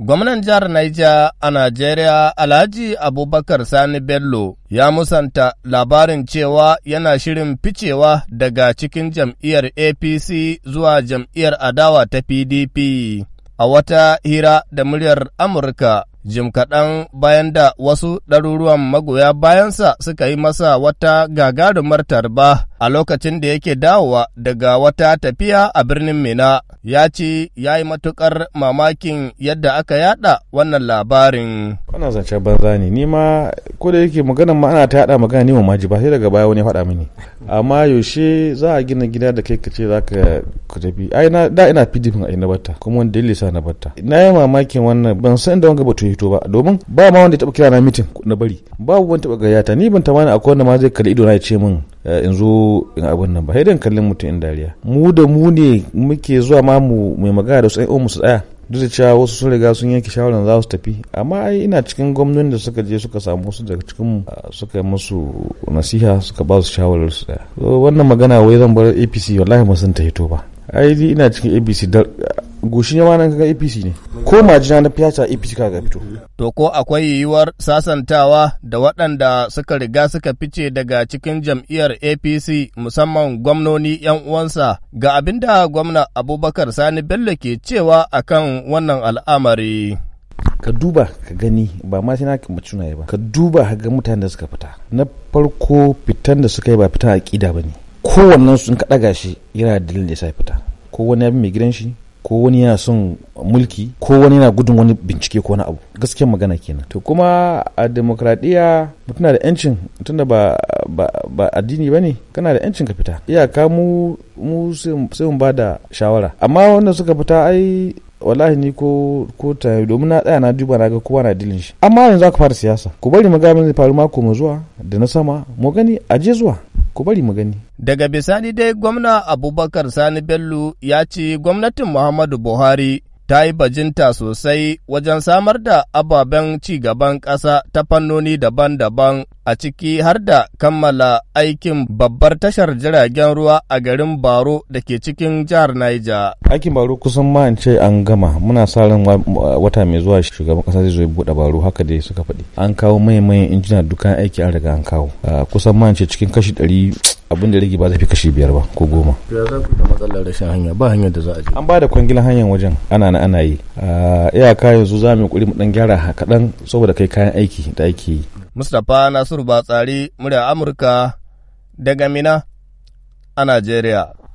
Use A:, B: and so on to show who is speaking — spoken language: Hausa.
A: Gwamnan jihar Niger a Najeriya Alhaji Abubakar Sani Bello ya musanta labarin cewa yana shirin ficewa daga cikin jam'iyyar APC zuwa jam'iyyar adawa ta PDP. A wata hira da muryar Amurka, jim kaɗan bayan da wasu ɗaruruwan magoya bayansa suka yi masa wata gagarumar tarba a lokacin da yake dawowa daga wata tafiya a birnin Mina, ya ce ya yi matuƙar mamakin yadda aka yada wannan labarin. wannan
B: zance banza ne, ni ko da yake magana ma ana ta yada magana ni ma ji ba sai daga baya wani faɗa mini. amma yaushe za a gina gida da kai ka ce za ka tafi ai na da ina pdp a ina batta kuma wanda ya sa na batta na yi mamakin wannan ban san inda wanga batu hito ba domin ba ma wanda ya taba kira na mitin na bari babu wani taba gayyata ni ban tamani akwai wanda ma zai kalli ido na ya ce min eh, in zo in abin nan ba sai dan kallon mutum in dariya mu da mu ne muke zuwa ma mu mai magana da su ai mu su tsaya duk da cewa wasu sun riga sun yanke shawarar za su tafi amma ai ina cikin gwamnoni da suka je suka samu wasu daga cikin suka musu nasiha suka ba su shawarar su wannan magana wai zan bar apc wallahi ba sun ta hito ba ai ina cikin apc goshi ma nan kaga APC ne ko majina na fiyata APC kaga fito
A: to ko akwai yiwuwar sasantawa da waɗanda suka riga suka fice daga cikin jam'iyyar APC musamman gwamnoni yan uwansa ga abinda gwamna Abubakar Sani Bello ke cewa akan wannan al'amari ka
B: duba ka gani ba ma sai na kuma tunaye ba ka duba ka ga mutanen da suka fita na farko fitan da suka yi ba fitan ƙida ba ne kowannen sun ka ɗaga shi yana dalilin da ya sa fita ko wani abin mai gidan shi ko wani yana son mulki ko wani yana gudun wani bincike ko wani abu gaskiyar magana kenan to kuma a demokradiyya mutum na da yancin tunda ba ba addini ne kana da yancin ka fita iyaka mu mu sai mu ba da shawara amma wanda suka fita ai wallahi ni ko ko ta domin na tsaya na duba na ga kowa na dilin shi amma yanzu aka fara siyasa ku bari mu ga zai faru mako mu zuwa da na sama mu gani a je zuwa ku bari mu gani.
A: Daga bisani dai gwamna Abubakar Sani Bello ya ce gwamnatin Muhammadu Buhari ta yi bajinta sosai wajen samar da ababen ci gaban ƙasa ta fannoni daban-daban a ciki har da kammala aikin babbar tashar jiragen ruwa a garin Baro da ke cikin jihar Niger.
B: Aikin Baro kusan ma ce an gama muna sa ran wata mai zuwa shugaban kasa zai zo ya buɗe Baro haka dai suka faɗi. An kawo mai-mai mai injina dukkan aiki an riga an kawo. Ah, kusan ma ce cikin kashi ɗari abin da rage ba zai fi kashi biyar ba ko goma.
A: Ya za ku da matsalar rashin hanya ba hanyar da za a
B: je. An ba da kwangilan hanyar wajen ana na ana yi. Iyaka yanzu za mu yi mu dan gyara kaɗan saboda kai kayan aiki da ake yi.
A: Mustapha Nasiru Batsari murya Amurka daga Mina a Najeriya.